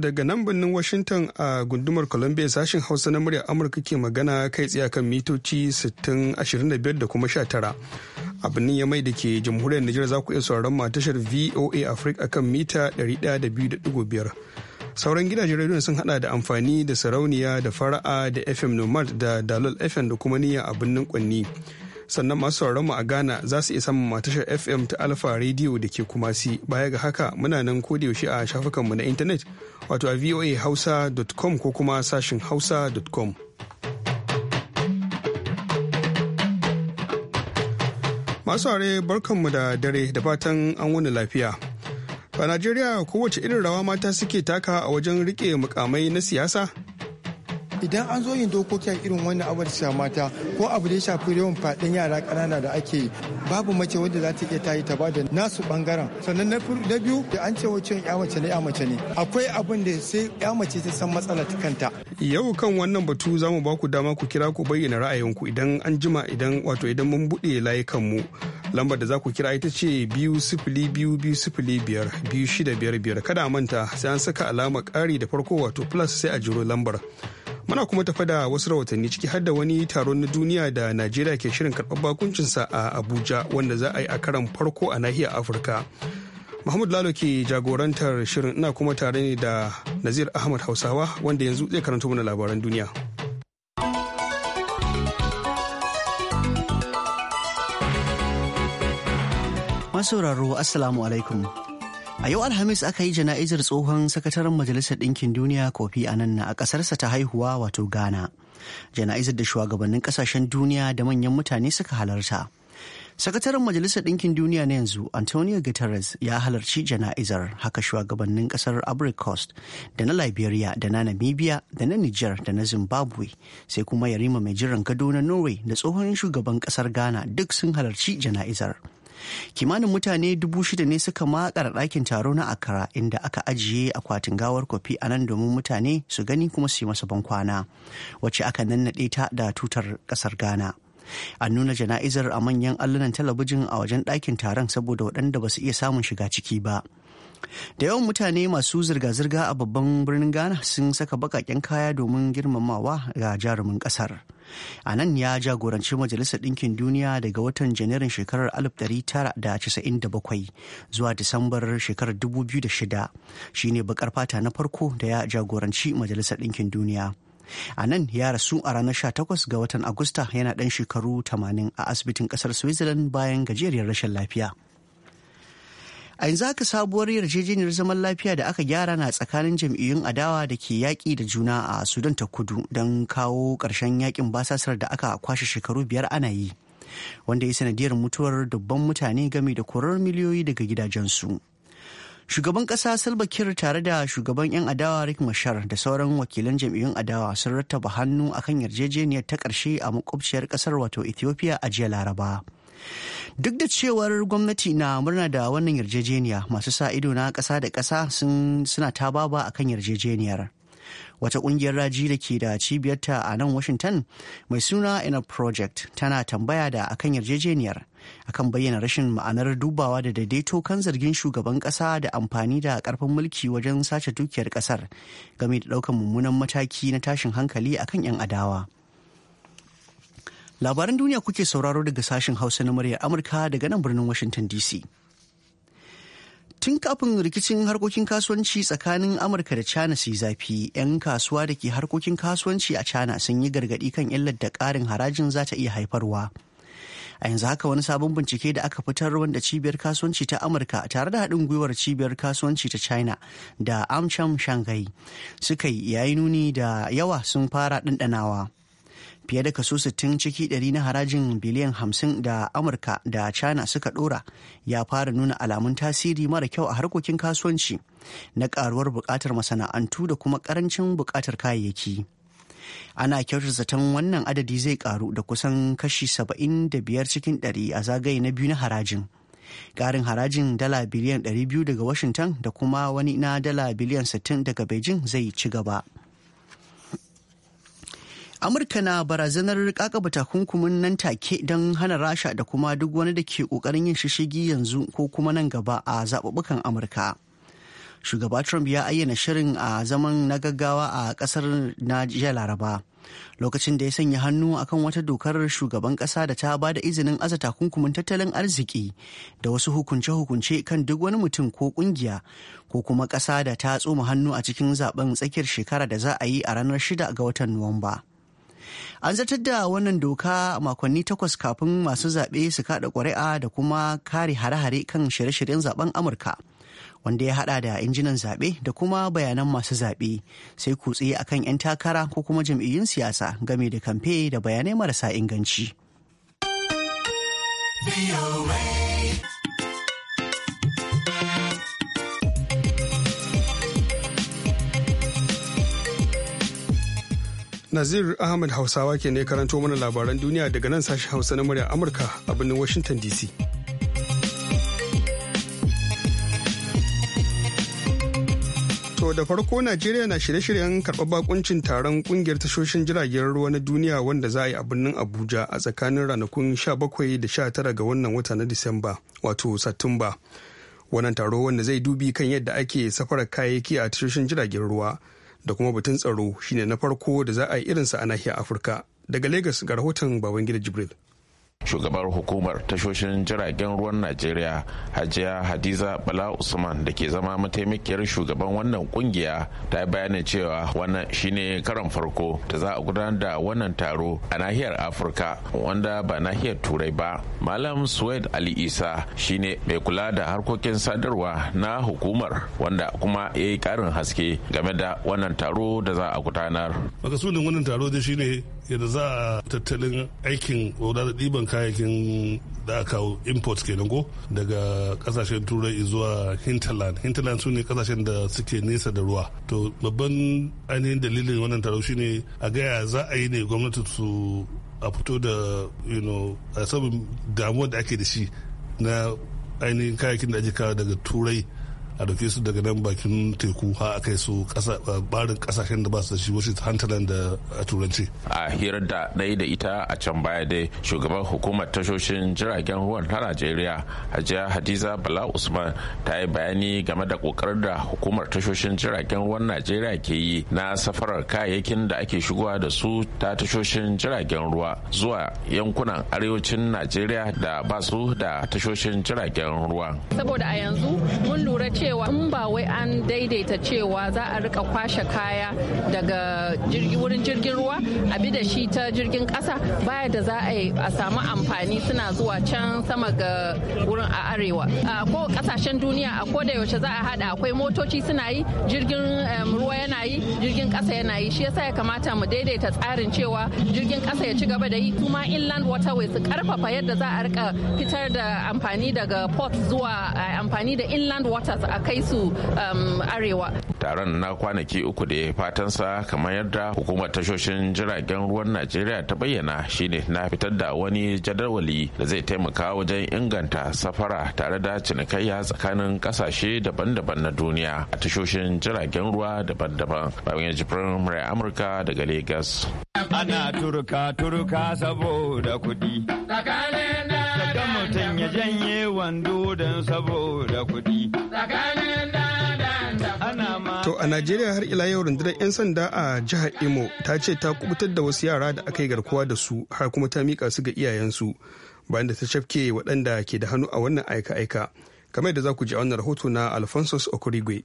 daga nan birnin washington a gundumar columbia sashen hausa na muryar amurka ke magana kai tsaye kan mitoci 6025 da kuma 19 a birnin yamai da ke jamhuriyar nijar za ku iya sauraron ma tashar voa africa akan mita 102.5 sauran gidajen rediyon sun hada da amfani da sarauniya da fara'a da fm nomad da dalol fm da kuma niyya a birnin kwanni sannan masu sauraron mu a Ghana za su iya samun matashar FM ta Alpha Radio da ke Kumasi. Baya ga haka muna nan yaushe a shafukanmu na intanet wato a voahausa.com ko kuma sashin hausa.com. Masu are barkanmu da dare da fatan an wani lafiya. A Najeriya kowace irin rawa mata suke taka a wajen rike mukamai na siyasa? idan an zo yin dokoki a irin wannan abu da mata ko abu da ya shafi yawan faɗin yara kanana da ake yi babu mace wanda za ta iya tayi ta ba da nasu bangaren sannan na biyu da an ce wacce ya mace ne ya mace ne akwai abin da sai ya mace ta san matsala ta kanta yau kan wannan batu za mu ba ku dama ku kira ku bayyana ra'ayinku idan an jima idan wato idan mun buɗe layukan mu lambar da za ku kira ita ce biyu sifili biyu biyu sifili biyar biyu shida biyar biyar kada manta sai an saka alamar ƙari da farko wato plus sai a jiro lambar Muna kuma tafa da wasu rahotanni ciki har da wani taron na duniya da Najeriya ke shirin karɓar bakuncinsa a Abuja wanda za a yi a karan farko a nahiyar Afirka. Muhammad Lalo ke jagorantar shirin ina kuma tare ne da Nazir Ahmad Hausawa wanda yanzu zai karanto mana labaran duniya. Masauraro Assalamu alaikum. A yau Alhamis aka yi jana'izar tsohon sakataren Majalisar Ɗinkin Duniya Kofi Annan a ƙasarsa ta haihuwa wato Ghana. Jana'izar da shugabannin ƙasashen duniya da manyan mutane suka halarta. Sakataren Majalisar Ɗinkin Duniya na yanzu Antonio Guterres ya halarci jana'izar haka shugabannin ƙasar Coast da na Liberia da na Namibia da na Niger da na Zimbabwe sai kuma Yarima mai jiran gado na Norway da tsohon shugaban ƙasar Ghana duk sun halarci jana'izar. kimanin mutane dubu shida ne suka makara ɗakin taro na akara inda aka ajiye akwatin gawar kofi a nan domin mutane su gani kuma su yi masa bankwana wacce aka nannaɗe ta da tutar ƙasar ghana an nuna jana'izar a manyan allunan talabijin a wajen ɗakin taron saboda waɗanda ba su iya samun shiga ciki ba da yawan mutane masu zirga-zirga a babban birnin ghana sun saka bakaken kaya domin girmamawa ga jarumin kasar a nan ya jagoranci majalisar ɗinkin duniya daga watan janairun shekarar 1997 zuwa disambar shekarar 2006 shine bakar fata na farko da ya jagoranci majalisar ɗinkin duniya a nan ya rasu a ranar 18 ga watan agusta yana ɗan shekaru 80 a asibitin ƙasar switzerland bayan gajeriyar rashin lafiya a yanzu haka sabuwar yarjejeniyar zaman lafiya da aka gyara na tsakanin jam'iyyun adawa da ke yaƙi da juna a sudan ta kudu don kawo ƙarshen yaƙin basasar da aka kwashe shekaru biyar ana yi wanda ya sanadiyar mutuwar dubban mutane game da korar miliyoyi daga gidajensu shugaban ƙasa salva kiir tare da shugaban 'yan adawa rick mashar da sauran wakilan jam'iyyun adawa sun rattaba hannu akan yarjejeniyar ta ƙarshe a makwabciyar ƙasar wato ethiopia a jiya laraba Duk da cewar gwamnati na murna da wannan yarjejeniya masu sa ido na ƙasa da ƙasa suna ta baba a kan yarjejeniyar. Wata ƙungiyar raji da ke da cibiyarta a nan Washington mai suna Inner Project tana tambaya da akan yarjejeniyar akan bayyana rashin ma'anar dubawa da daidaito kan zargin shugaban ƙasa da amfani da ƙarfin mulki wajen sace dukiyar ƙasar game da ɗaukar mummunan mataki na tashin hankali akan 'yan adawa. Labaran duniya kuke sauraro daga sashen Hausa na muryar Amurka daga nan birnin Washington DC. Tun kafin rikicin harkokin kasuwanci tsakanin Amurka da China su zafi, 'yan kasuwa da ke harkokin kasuwanci a China sun yi gargaɗi kan illar da ƙarin harajin za ta iya haifarwa. A yanzu haka wani sabon bincike da aka fitar wanda cibiyar kasuwanci ta Amurka tare da haɗin gwiwar cibiyar kasuwanci ta China da Amcham Shanghai suka yi yayi nuni da yawa sun fara ɗanɗanawa. fiye da kaso 60 ciki 100 na harajin biliyan 50 da amurka da china suka dora ya fara nuna alamun tasiri mara kyau a harkokin kasuwanci na karuwar bukatar masana'antu da kuma karancin bukatar kayayyaki ana kyautar zaton wannan adadi zai karu da kusan kashi 75 cikin 100 a zagaye na biyu na harajin karin harajin dala biliyan 200 daga washington da kuma wani na dala biliyan 60 daga beijing zai ci gaba. amurka na barazanar kakaba takunkumin nan take don hana rasha da kuma duk wani da ke kokarin yin shishigi yanzu ko kuma nan gaba a zaɓuɓɓukan amurka shugaba trump ya ayyana shirin a zaman na gaggawa a ƙasar na laraba lokacin da ya sanya hannu akan wata dokar shugaban kasa da ta ba da izinin aza takunkumin tattalin arziki da wasu hukunce-hukunce kan duk wani mutum ko kungiya ko kuma kasa da ta tsoma hannu a cikin zaben tsakiyar shekara da za a yi a ranar shida ga watan nuwamba. An zartar da wannan doka makonni takwas kafin masu zaɓe su kaɗa ƙuri'a da kuma kare hare-hare kan shirye-shiryen zaben Amurka. wanda ya haɗa da injinan zaɓe da kuma bayanan masu zaɓe sai kutse akan 'yan takara ko kuma jam'iyyun siyasa game da kamfe da bayanai marasa inganci. Nazir Ahmad Hausawa ke ne karanto mana labaran duniya daga nan sashi Hausa na murya Amurka a birnin Washington DC. To da farko Najeriya na shirye-shiryen karɓar bakuncin taron kungiyar tashoshin jiragen ruwa na duniya wanda za a yi a birnin Abuja a tsakanin ranakun 17 da 19 ga wannan wata na Disamba wato Satumba. Wannan taro wanda zai dubi kan yadda ake safara kayayyaki a tashoshin jiragen ruwa. da kuma batun tsaro shine na farko da za a yi irinsa a nahiyar afirka daga lagos ga rahoton babangida jibril shugabar hukumar tashoshin jiragen ruwan najeriya hajiya hadiza bala usman da ke zama mataimakiyar shugaban wannan kungiya ta bayyana cewa wannan shine karan farko da za a gudanar da wannan taro a nahiyar afirka wanda ba nahiyar turai ba malam suwaid ali isa shine mai kula da harkokin sadarwa na hukumar wanda kuma ya yi karin haske game da wannan taro da za a gudanar yadda za a tattalin aikin da ɗiban kayayyakin da aka kawo import ke ko daga kasashen turai zuwa hinterland hinterland su ne kasashen da suke nesa da ruwa to babban ainihin dalilin wannan taro shine a gaya za a yi ne gwamnati su a fito da you know a damuwar da ake da shi na ainihin kayayyakin da ake kawo daga turai a dauke su daga nan bakin teku har a kai su barin kasashen da ba su da shi wasu hantalan da a turanci a hirar da ɗaya da ita a can baya dai shugaban hukumar tashoshin jiragen ruwan ta najeriya hajiya hadiza bala usman ta yi bayani game da kokarin da hukumar tashoshin jiragen ruwan najeriya ke yi na safarar kayayyakin da ake shigowa da su ta tashoshin jiragen ruwa zuwa yankunan arewacin najeriya da ba su da tashoshin jiragen ruwa saboda a yanzu mun lura cewa cewa in ba wai an daidaita cewa za a rika kwashe kaya daga wurin jirgin ruwa a bi da shi ta jirgin kasa baya da za a samu amfani suna zuwa can sama ga wurin a arewa ko kasashen duniya a ko da yaushe za a hada akwai motoci suna yi jirgin ruwa yana yi jirgin kasa yana yi shi yasa ya kamata mu daidaita tsarin cewa jirgin kasa ya ci gaba da yi kuma inland waterway su karfafa yadda za a rika fitar da amfani daga port zuwa eh, amfani da inland waters a kai su um, arewa taron na kwanaki uku da ya fatansa kamar yadda hukumar tashoshin jiragen ruwan najeriya ta bayyana shine na fitar da wani jadawali da zai taimaka wajen inganta safara tare da cinikayya tsakanin kasashe daban-daban na duniya a tashoshin jiragen ruwa daban-daban bayan jibirin murai amurka daga Legas. ana turka turka saboda kuɗi. Tsakanin da mutum ya janye wando don saboda To a Najeriya har ila yau rundunar 'yan sanda a jihar Imo ta ce ta kubutar da wasu yara da aka yi garkuwa da su har kuma ta mika su ga iyayensu bayan da ta shafke waɗanda ke da hannu a wannan aika-aika. Kamar da za ku ji a wannan rahoto na Alphonsus Okorigwe.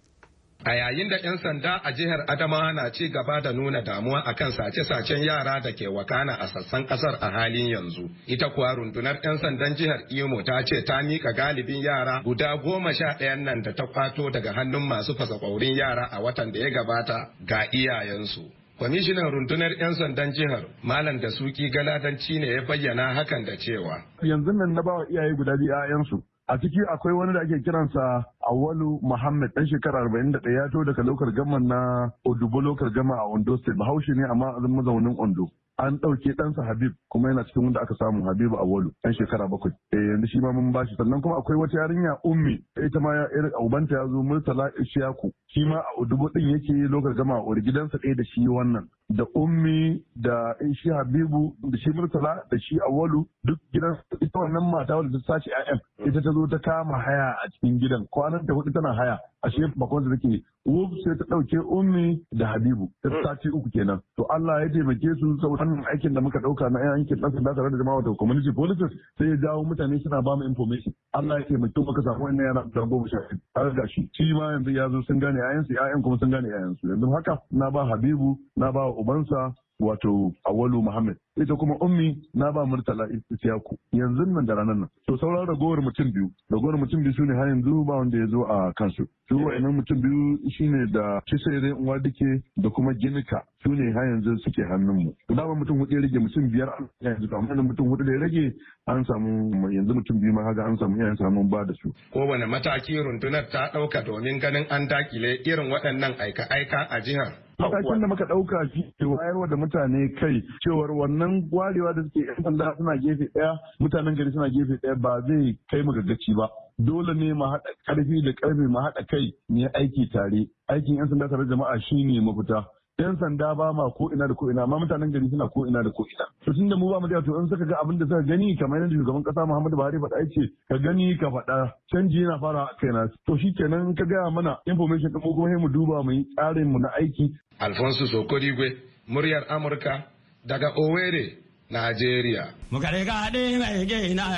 A yayin da 'yan sanda a jihar Adamawa na ci gaba da nuna damuwa akan sace-sacen yara da ke wakana a sassan kasar a halin yanzu. Ita kuwa rundunar 'yan sandan jihar Imo ta ce ta mika galibin yara guda goma sha ɗayan nan da ta kwato daga hannun masu fasa ƙwaurin yara a watan da ya gabata ga iyayensu. kwamishinan rundunar 'yan sandan jihar malam da suki galadanci ne ya bayyana hakan da cewa yanzu nan na bawa iyaye guda biyu 'ya'yansu a ciki akwai wani da ake kiransa awalu muhammad ɗan shekara arba'in 41 ya to daga lokar gama na odubo lokar gama a ondo state bahaushe ne amma mazaunin ondo an ɗauke ɗansa Habib kuma yana cikin wanda aka samu Habibu walu, ɗan shekara bakwai. Eh yanzu shi ma mun bashi sannan kuma akwai wata yarinya Ummi ita ma ya irin ubanta ya zo Murtala Ishaku shi ma a dubu din yake lokacin zama a gidansa ɗaya da shi wannan da ummi da shi habibu da shi murtala da shi awalu duk gidan ita wannan mata wadda ta sace ƴaƴan ita ta zo ta kama haya a cikin gidan kwanan ta hudu tana haya a shi makon da take wuf sai ta ɗauke ummi da habibu ta hmm. sace uku kenan to Allah ya taimake su saboda wannan aikin da muka ɗauka na yankin ɗan sanda tare da jama'a da community policies sai ya jawo mutane suna ba mu information Allah ya taimake mu ka samu wannan yana da goma sha har shi ma yanzu ya zo sun gane yayansu yayan kuma sun gane yayansu yanzu haka na ba habibu na ba ubansa wato awalu muhammad ita kuma ummi na ba murtala isiyaku yanzu nan da ranar nan to sauran ragowar mutum biyu ragowar mutum biyu shine har yanzu ba wanda ya zo a kansu su wa'annan mutum biyu shine da kisere uwa dake da kuma ginika su ne har yanzu suke hannunmu to dama mutum hudu ya rage mutum biyar yanzu to amma mutum hudu da ya rage an samu yanzu mutum biyu ma haka an samu iyayen samun ba da su kowane mataki rundunar ta dauka domin ganin an dakile irin waɗannan aika-aika a jihar matakin da muka ɗauka shi wayarwa da mutane kai cewar wannan yan gwarewa da suke yan sanda suna gefe ɗaya mutanen gari suna gefe ɗaya ba zai kai mu gaggaci ba dole ne mu haɗa ƙarfi da ƙarfi mu haɗa kai ne aiki tare aikin yan sanda tare jama'a shine mafita yan sanda ba ma ko ina da ko ina amma mutanen gari suna ko ina da ko ina to tunda mu ba mu da to in suka ga abin da suka gani kamar yadda shugaban kasa Muhammadu Buhari faɗa yace ka gani ka faɗa canji yana fara a kaina to shikenan ka gaya mana information din mu kuma mu duba mu yi tsarin mu na aiki Alfonso Sokorigwe muryar Amurka daga Owerri, Najeriya. mai gina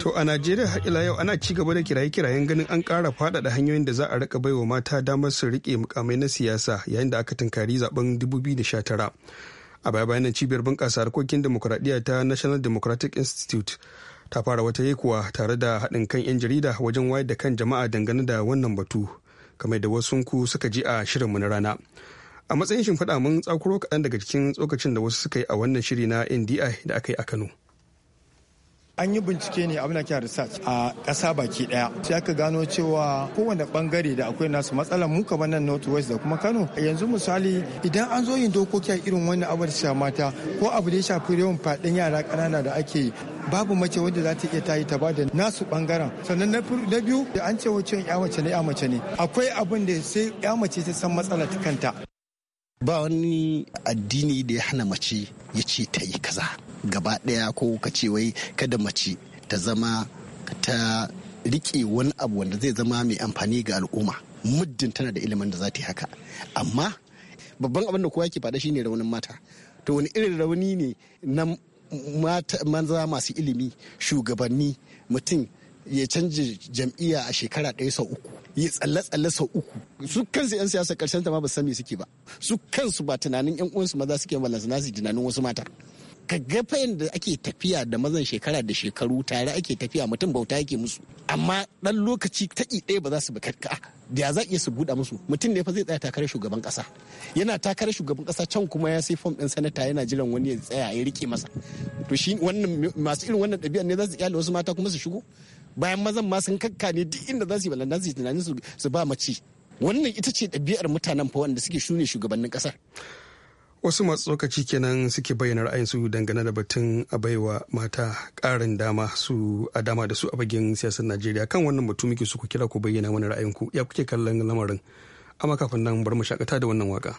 To a Najeriya har yau ana ci gaba da kiraye-kirayen ganin an ƙara faɗaɗa hanyoyin da za a rika baiwa mata damar su riƙe mukamai na siyasa yayin da aka tunkari zaben 2019. A baya bayan cibiyar bunƙasa harkokin demokuraɗiyya ta National Democratic Institute ta fara wata yekuwa tare da haɗin kan 'yan jarida wajen wayar da kan jama'a dangane da wannan batu kamar da wasu ku suka ji a shirin mu na rana a matsayin shimfiɗa mun tsakuro kaɗan daga cikin tsokacin da wasu suka yi a wannan shiri na ndi da aka yi a kano an yi bincike ne abin da ke research a ƙasa baki ɗaya sai aka gano cewa kowane bangare da akwai nasu matsalar mu kamar nan north da kuma kano yanzu misali idan an zo yin dokoki a irin wannan abu da mata ko abu da ya shafi yawan faɗin yara ƙanana da ake babu mace wanda za ta iya tayi ta da nasu bangaren sannan na biyu da an ce wace ya mace ne ya mace ne akwai abin da sai ya mace ta san matsalar kanta ba wani addini da ya hana mace ya ce ta yi kaza gaba ɗaya ko ka ce wai kada mace ta zama ta riƙe wani abu wanda zai zama mai amfani ga al'umma muddin tana da ilimin da za ta yi haka amma babban abin da kowa ke faɗa shine raunin mata to wani irin rauni ne na manza masu ilimi shugabanni mutum ya canji jam'iyya a shekara ɗaya sau uku ya tsalle-tsalle sau uku su kansu 'yan siyasa karshen ta ma ba san me suke ba su kansu ba tunanin 'yan uwansu maza suke ballansu na su tunanin wasu mata ka ga fayin da ake tafiya da mazan shekara da shekaru tare ake tafiya mutum bauta yake musu amma dan lokaci ta ɗaya ba za su bakarka ah, da za iya su buɗa musu mutum ne fa zai tsaya takarar shugaban ƙasa yana takarar shugaban ƙasa can kuma ya sai fom ɗin sanata yana jiran wani ya tsaya ya rike masa to shi wannan masu irin wannan ɗabi'ar ne za su kyale wasu mata kuma su shigo bayan mazan ma sun kakka ne duk inda za su yi balanda su yi tunanin su ba mace wannan ita ce ɗabi'ar mutanen fa wanda suke shune shugabannin ƙasar wasu masu tsokaci kenan suke bayyana ra'ayinsu dangane da batun a baiwa mata ƙarin dama su a dama da su a bagin siyasar najeriya kan wannan batu muke su ku kira ku bayyana wani ra'ayinku ya kuke kallon lamarin amma kafin nan bar mu shakata da wannan waka.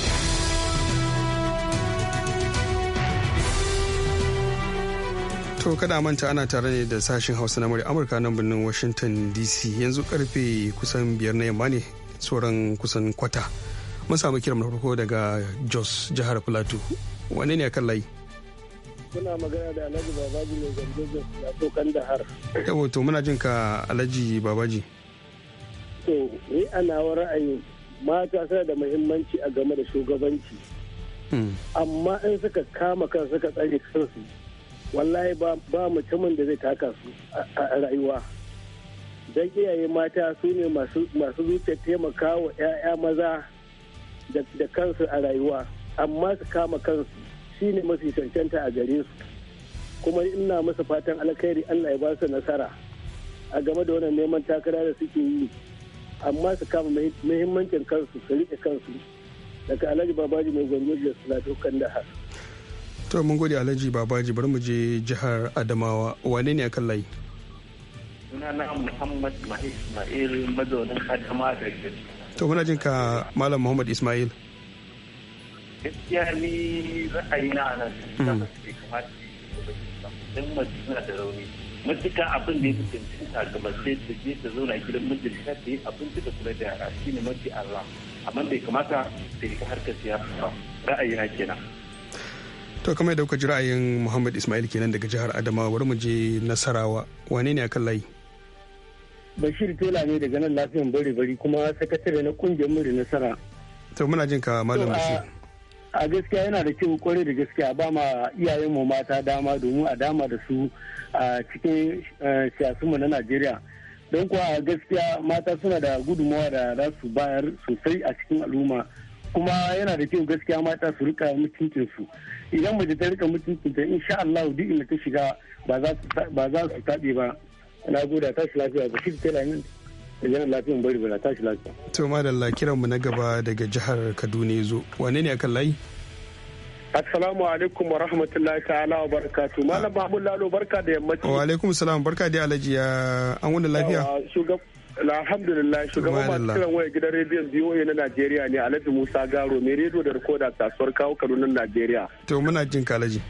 To kada manta ana tare ne da sashen Hausa na murya Amurka nan birnin Washington DC yanzu karfe kusan biyar na yamma ne sauran kusan kwata. Mun samu kiran na farko daga Jos jihar Plateau. Wane ne kan layi? Muna magana da Alhaji Babaji mai gambe Jos na kan da har. Yawo to muna jin ka Alhaji Babaji. To ni a nawa ra'ayin mata suna da muhimmanci a game da shugabanci. Hmm. Amma in suka kama kan suka tsare kansu wallahi ba mutumin da zai taka su a rayuwa don iyaye mata su ne masu zuciya taimaka wa 'ya'ya maza da kansu a rayuwa amma su kama kansu shi ne mafi cancanta a gare su kuma ina masa fatan alkhairi allah ya ba su nasara a game da wannan neman takara da suke yi amma su kama muhimmancin kansu su riƙe kansu daga alhaji babaji mai gwamnati da su na dokan da har to mun gode alhaji babaji bari mu je jihar adamawa wane ne akan layi sunana muhammad ismail mazaunin adama da to muna jin ka malam muhammad ismail gaskiya ni ra'ayina na nan hmm. don mace suna da rauni matuka abin da ya fi cancanta ga mace ta je ta zauna gidan mijinta ta yi abinci da kula da yara shine mafi Allah amma bai kamata ta yi harkar siyasa ba na kenan to kamar da kuka ji ra'ayin muhammad ismail kenan daga jihar adamawa bari mu je nasarawa wane ne akan layi bashir tela ne daga nan lafiyan bari bari kuma sakatare na kungiyar muri nasara to muna jin ka malam bashir a gaskiya yana da kyau kwarai da gaskiya ba ma iyayen mu mata dama domin a dama da su a cikin siyasunmu na najeriya don kuwa gaskiya mata suna da gudunmawa da za su bayar sosai a cikin al'umma kuma yana da kyau gaskiya mata su rika mutuncin su idan mace ta rika mutuncin ta insha Allah duk inda ta shiga ba za su taɓe ba na goda tashi lafiya ba shi tana nan da lafiyan bari ba tashi lafiya to madalla kiran mu na gaba daga jihar Kaduna yazo wane ne akan layi Assalamu alaikum wa rahmatullahi ta'ala wa barakatuh Malam ah. Mahmud Lalo barka da yammaci. Wa alaikum salam barka da alaji ya an wani lafiya. Alhamdulillah shugaban masu kiran waya gidan rediyon BOA na Najeriya ne Alhaji Musa Garo mai rediyo da rikoda kasuwar kawo Kaduna Najeriya. To muna jin kalaji.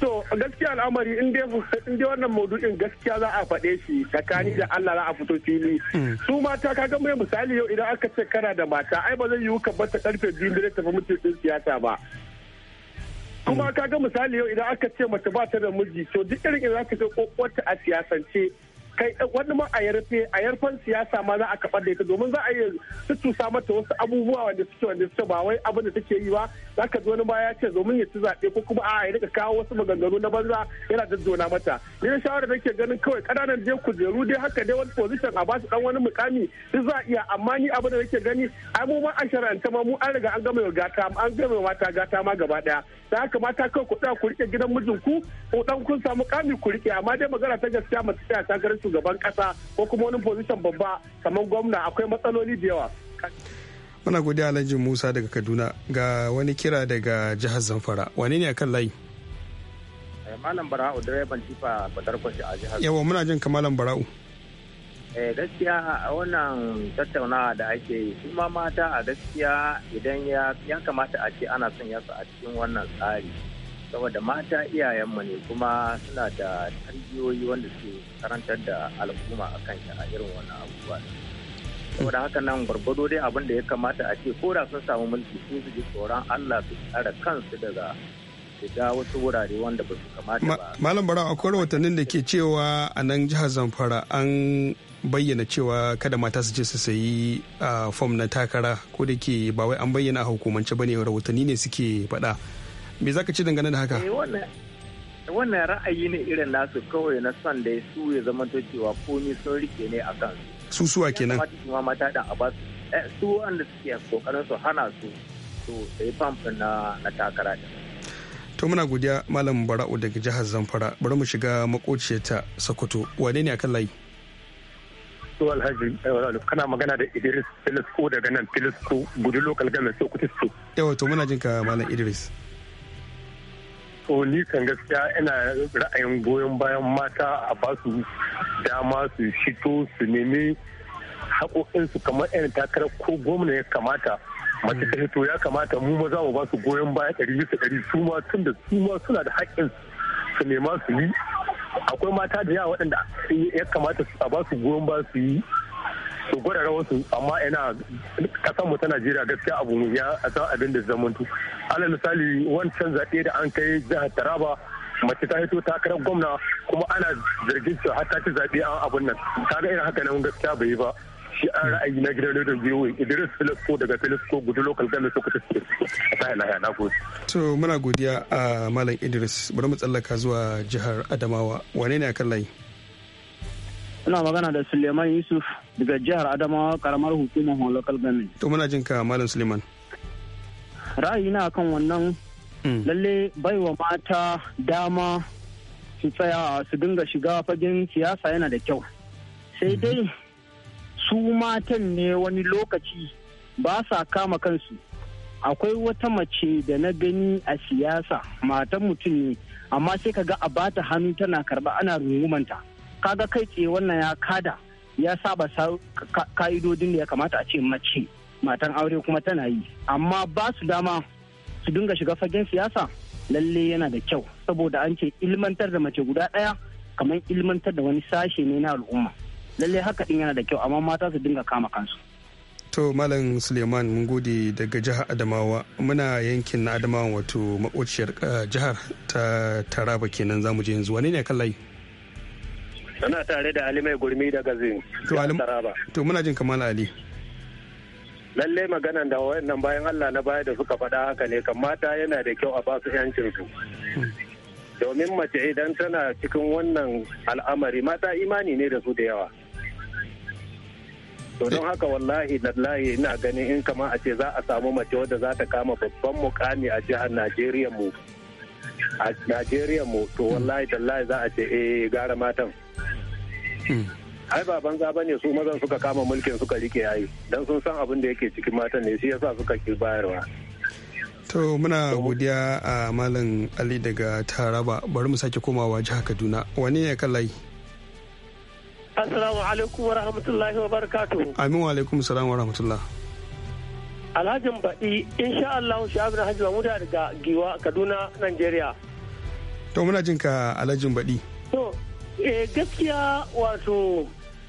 To gaskiya al'amari in dai wannan maudu'in gaskiya za a faɗe shi tsakani da Allah za a fito fili. Mm. Su mata ka ga mai misali yau idan aka ce kana da mata ai ba zai yiwu ka bata karfe biyu da tafi mutuncin siyasa ba. Kuma ka ga misali yau idan aka ce mace ba ta da miji to duk irin idan aka ce kokwata a siyasance kai eh, wani ma a yarfe a yarfan siyasa ma za a kaɓar da ita domin za a yi tuttusa mata wasu abubuwa wanda suke wanda suke ba wai abin da take yi ba za ka ji wani ma ya ce domin ya ci zaɓe ko kuma a ya rika kawo wasu maganganu na banza yana daddona mata ni da shawara nake ganin kawai kananan dai kujeru dai haka dai wani position a basu dan wani mukami duk za a iya amma ni abin da nake gani ai mu ma a sharanta ma mu an riga an gama gata an gama mata gata ma gaba daya da haka mata kawai ku ɗaya ku rike gidan mijinku ku dan kun samu kami ku rike amma dai magana ta gaskiya mata ta ta shugaban kasa ko kuma wani position babba kamar gwamna akwai matsaloli da yawa muna godiya alhaji musa daga kaduna ga wani kira daga jihar zamfara wane ne akan layi eh, malam bara'u direban tifa badar kwashi a jihar yawa muna jin ka malam bara'u eh gaskiya a wannan tattaunawa da ake yi ma mata a gaskiya idan ya kamata a ce ana son yasa a cikin wannan tsari saboda mata iyayenmu ne kuma suna da tarbiyoyi wanda su karantar da al'umma a kan a irin wannan abubuwa saboda haka nan gwargwado dai abin da ya kamata a ce ko da sun samu mulki sun su ji tsoron allah su tsara kansu daga shiga wasu wurare wanda ba su kamata ba malam bara akwai rahotannin da ke cewa a nan jihar zamfara an bayyana cewa kada mata su je su sayi ah, fom na takara ko da ke ba wai an bayyana a hukumance ba ne rahotanni ne suke faɗa me zaka ce dangane da haka eh, wannan ra'ayi ne irin nasu kawai na son da su ya zama to cewa komi sun rike ne a kan su suwa kenan kuma mata dan a su eh, wanda suke kokarin su hana su to sai famfin na na takara to muna godiya malam bara'u daga jihar zamfara bari mu shiga makociyar ta sokoto wane ne akan layi to alhaji eh, kana magana da idris filisko daga nan filisko gudu local government sokoto yawa to muna jinka malam idris so ni kan gaskiya ina ra'ayin goyon bayan mata a basu dama su shito su nemi haƙoƙinsu kamar 'yan takarar ko gwamna ya kamata mace ta hito ya kamata mu maza mu su goyon baya ɗari bisa ɗari su ma tun da su ma suna da haƙƙin su nema su yi akwai mata da yawa waɗanda ya kamata a basu goyon baya su yi su gwada rawarsu amma ina kasan mu ta najeriya gaskiya abu ya a san abin da zamantu alal misali wancan zaɓe da an kai jihar taraba mace ta hito takarar gwamna kuma ana zargin cewa har ta ci zaɓe an abun nan kaga irin haka nan gaskiya bai yi ba shi an ra'ayi na gidan rediyon biyu idris filisco daga filisco gudu local su sokoto state a lahiya na gode. to muna godiya a ah, malam idris bari mu tsallaka zuwa jihar adamawa wane ne a kan layi. Ina magana da Suleiman Yusuf daga jihar Adamawa karamar hukumar local government To muna jin ka Malam Suleiman. Ra'ayina kan wannan hmm. lalle baiwa mata dama su tsaya su dinga shiga fagen siyasa yana da kyau. Sai hmm. dai su matan ne wani lokaci ba sa kama kansu. Akwai wata mace da na gani a siyasa matan mutum ne amma sai ka ga a bata hannu tana karba ana rungumanta. kaga kai ce wannan ya kada ya saba ka'idodin da ya kamata a ce mace matan aure kuma tana yi amma ba su dama su dinga shiga fagen siyasa lalle yana da kyau saboda an ce ilmantar da mace guda ɗaya kamar ilmantar da wani sashe ne na al'umma lalle haka din yana da kyau amma mata su dinga kama kansu to malam suleiman mun gode daga jihar adamawa muna yankin na adamawa wato makociyar eh, jihar ta taraba kenan zamu je yanzu wani ne kan layi Ana tare da Ali Mai Gurmi daga Zin. To muna jin kamar Ali. Lalle maganan da wayannan bayan Allah na baya da suka faɗa haka ne kan mata yana da kyau a ba su yancin su. Domin mace idan tana cikin wannan al'amari mata imani ne da su da yawa. to don eh. haka wallahi lallahi ina ganin in kama a ce za a samu mace wadda za ta kama babban mukami a jihar Najeriya mu a Najeriya mu to wallahi lallahi za a ce eh gara matan ai ba banza bane su mazan suka kama mulkin suka rike yayi dan sun san abin da yake cikin matan ne shi yasa suka ki bayarwa to muna godiya a malam ali daga taraba bari mu sake komawa jihar kaduna wani ya kallai assalamu alaikum wa rahmatullahi wa barakatuhu amin wa alaikum salam wa rahmatullah alhajin baɗi insha Allah shi abin hajji mamuda daga giwa kaduna nigeria to muna jinka alhajin baɗi to eh gaskiya wato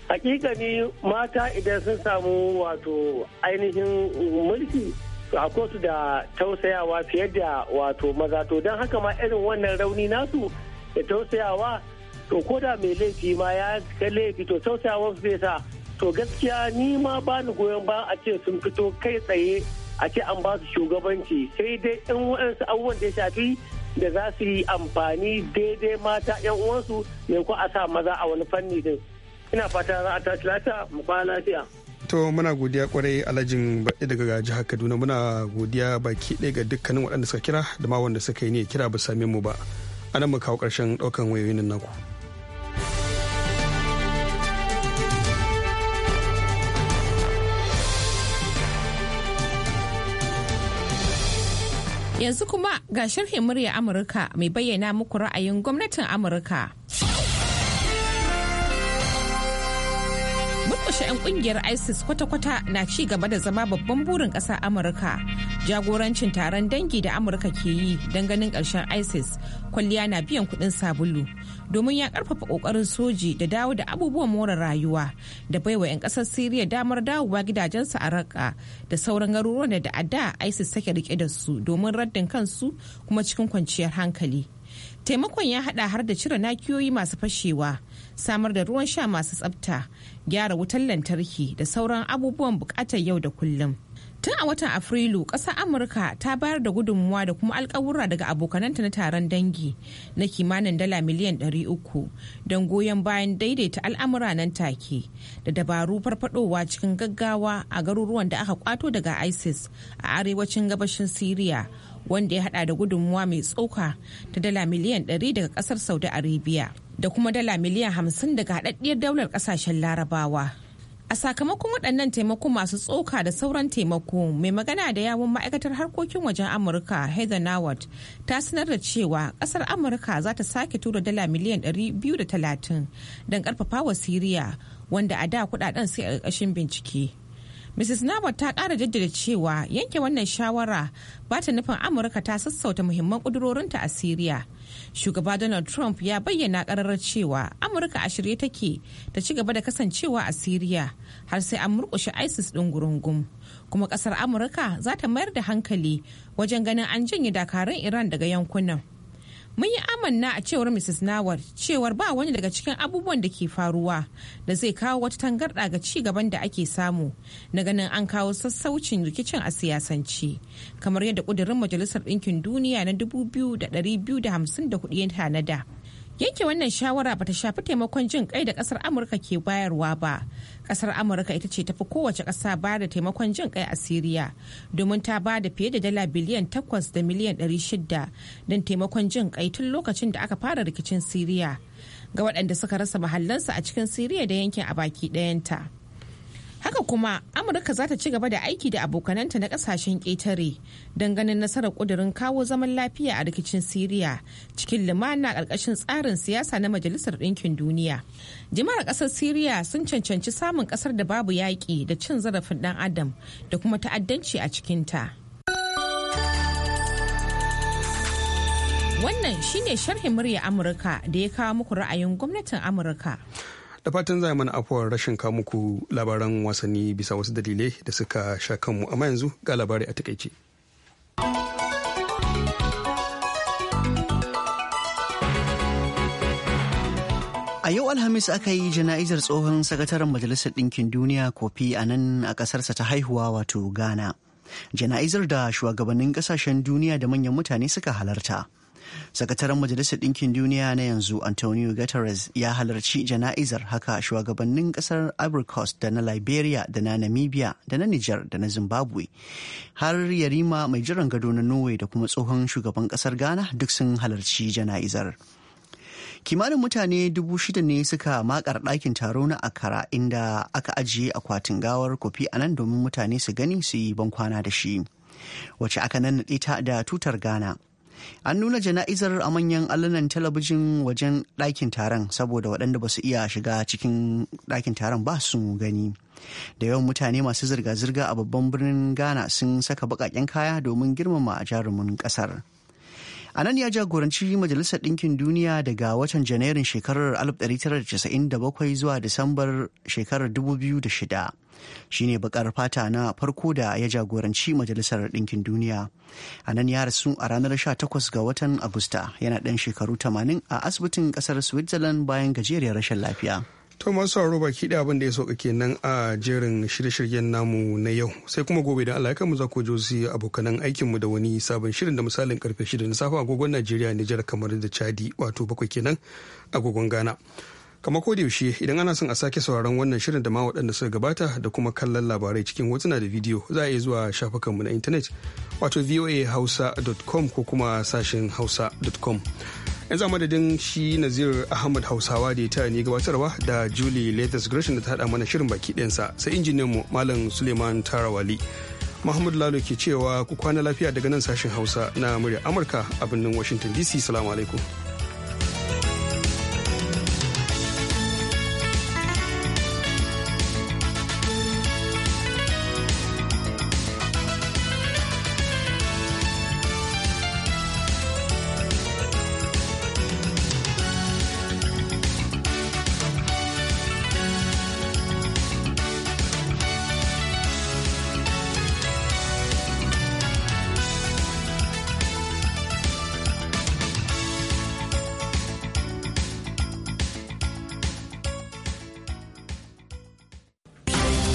hakikani mata idan sun samu wato ainihin mulki a kotu da tausayawa fiye da wato maza to don haka ma irin wannan rauni nasu da tausayawa to ko da mai laifi ma ya ga laifi to tausayawa zai sa to gaskiya ni ma ba ni goyon ba a ce sun fito kai tsaye a ce an ba su shugabanci sai dai in waɗansu abubuwan da ya shafi da za su yi amfani daidai mata 'yan uwansu ne ku a sa maza a wani fanni din ina fata za a tashi lafiya mu kwana lafiya to muna godiya kwarai alhajin baɗi daga jihar kaduna muna godiya baki ɗaya ga dukkanin waɗanda suka kira da ma wanda suka yi ne kira ba same mu ba anan mu kawo ƙarshen ɗaukan wayoyin naku. Yanzu kuma ga sharhin murya Amurka mai bayyana muku ra'ayin gwamnatin Amurka. murkushe 'yan kungiyar isis kwata-kwata na ci gaba da zama babban burin ƙasar amurka jagorancin taron dangi da amurka ke yi don ganin ƙarshen isis kwalliya na biyan kuɗin sabulu domin ya karfafa kokarin soji da dawo da abubuwan more rayuwa da baiwa 'yan kasar siriya damar dawowa gidajensu a raka da sauran garuruwan da a da isis take rike da su domin raddin kansu kuma cikin kwanciyar hankali taimakon ya hada har da cire nakiyoyi masu fashewa samar da ruwan sha masu tsabta gyara wutan lantarki da sauran abubuwan bukatar yau da kullum tun a watan afrilu ƙasar amurka ta bayar da gudunmuwa da kuma alkawura daga abokananta na taron dangi na kimanin dala miliyan 300 don goyon bayan daidaita al'amura nan take da dabaru farfadowa cikin gaggawa a garuruwan da aka kwato daga isis a arewacin gabashin syria wanda ya hada da gudunmuwa mai tsoka ta dala miliyan 100 daga kasar saudi arabia da kuma dala miliyan 50 daga haɗaɗɗiyar daular ƙasashen larabawa A sakamakon waɗannan taimako masu tsoka da sauran taimako mai magana da yawon ma'aikatar harkokin wajen Amurka Heather Nawat ta sanar da cewa ƙasar Amurka za ta sake tura dala miliyan 230 don ƙarfafa wa Siriya wanda a da kuɗaɗen sai a ƙarƙashin bincike. Mrs. Nawat ta ƙara jaddada cewa yanke wannan shawara ba ta nufin Amurka ta sassauta muhimman ƙudurorinta a Siriya. shugaba donald trump ya bayyana kararar cewa amurka a shirye take ta ci gaba da kasancewa a siriya har sai an murkushe isis ɗin gurungum kuma ƙasar amurka za ta mayar da hankali wajen ganin an janye dakarun iran daga yankunan mun yi amanna a cewar mrs nawar cewar ba wani daga cikin abubuwan da ke faruwa da zai kawo wata tangarɗa ga ci gaban da ake samu na ganin an kawo sassaucin rikicin a siyasance kamar yadda kudurin majalisar ɗinkin duniya na 2254 ya tanada yanke wannan shawara bata shafi taimakon jin kai da kasar amurka ke bayarwa ba kasar amurka ita ce tafi kowace kasa ba da taimakon jin kai a siriya domin ta ba da fiye da dala biliyan 8 da miliyan 600 don taimakon jin kai tun lokacin da aka fara rikicin siriya ga waɗanda suka rasa mahallansu a cikin siriya da yankin a baki ɗayanta Haka kuma Amurka za ta ci gaba da aiki da abokananta na kasashen ƙetare don ganin nasarar ƙudurin kawo zaman lafiya a rikicin Siriya cikin limana ƙarƙashin tsarin siyasa na Majalisar Ɗinkin Duniya. Jama'ar ƙasar Siriya sun cancanci samun ƙasar da babu yaƙi da cin zarafin ɗan adam da kuma ta'addanci a cikinta. Wannan shine sharhin murya Amurka da ya kawo muku ra'ayin gwamnatin Amurka. da fatan zai mana afuwar rashin kamuku labaran wasanni bisa wasu dalilai da suka sha kanmu amma yanzu ga labari a takaice. A yau Alhamis aka yi jana'izar tsohon sakataren Majalisar Ɗinkin Duniya kofi a nan a ƙasarsa ta haihuwa wato Ghana. Jana'izar da shugabannin ƙasashen duniya da manyan mutane suka halarta. sakataren majalisar ɗinkin duniya na yanzu antonio guterres ya halarci jana'izar haka shugabannin ƙasar ivory coast da na liberia da na namibia da na niger da na zimbabwe har yarima mai jiran gado na norway da kuma tsohon shugaban ƙasar ghana duk sun halarci jana'izar kimanin mutane dubu shida ne suka makar ɗakin taro na akara inda aka ajiye akwatin gawar kofi a nan domin mutane su gani su yi bankwana da shi wacce aka nannaɗe ta da tutar ghana an nuna jana'izar a manyan allunan talabijin wajen ɗakin taron saboda waɗanda ba su iya shiga cikin ɗakin taron ba su gani da yawan mutane masu zirga-zirga a babban birnin ghana sun saka baƙaƙen kaya domin girmama jarumin ƙasar. A nan ya jagoranci majalisar ɗinkin duniya daga watan janairun shekarar 1997 zuwa disambar shekarar 2006 ne bakar fata na farko da ya jagoranci majalisar ɗinkin duniya A nan ya rasu a ranar 18 ga watan agusta yana ɗan shekaru 80 a asibitin ƙasar switzerland bayan gajeriyar rashin lafiya To masu sauraro baki da abin da ya sauka kenan a jerin shirye-shiryen namu na yau. Sai kuma gobe da Allah mu za ku josi abokanan mu da wani sabon shirin da misalin karfe shida na safe agogon Najeriya Nijar kamar da Chadi wato bakwai kenan agogon Ghana. kamar ko da yaushe idan ana son a sake sauraron wannan shirin da ma waɗanda suka gabata da kuma kallon labarai cikin hotuna da bidiyo za a iya zuwa shafukanmu na intanet wato voahausa.com ko kuma sashen hausa.com. yanzu a madadin shi nazir ahmad hausawa da ya taya ni gabatarwa da julie latest gresham da ta haɗa mana shirin baki ɗinsa sai injiniyan mu malam suleiman tarawali mahmud lalo ke cewa ku kwana lafiya daga nan sashen hausa na murya amurka a birnin washington dc salamu alaikum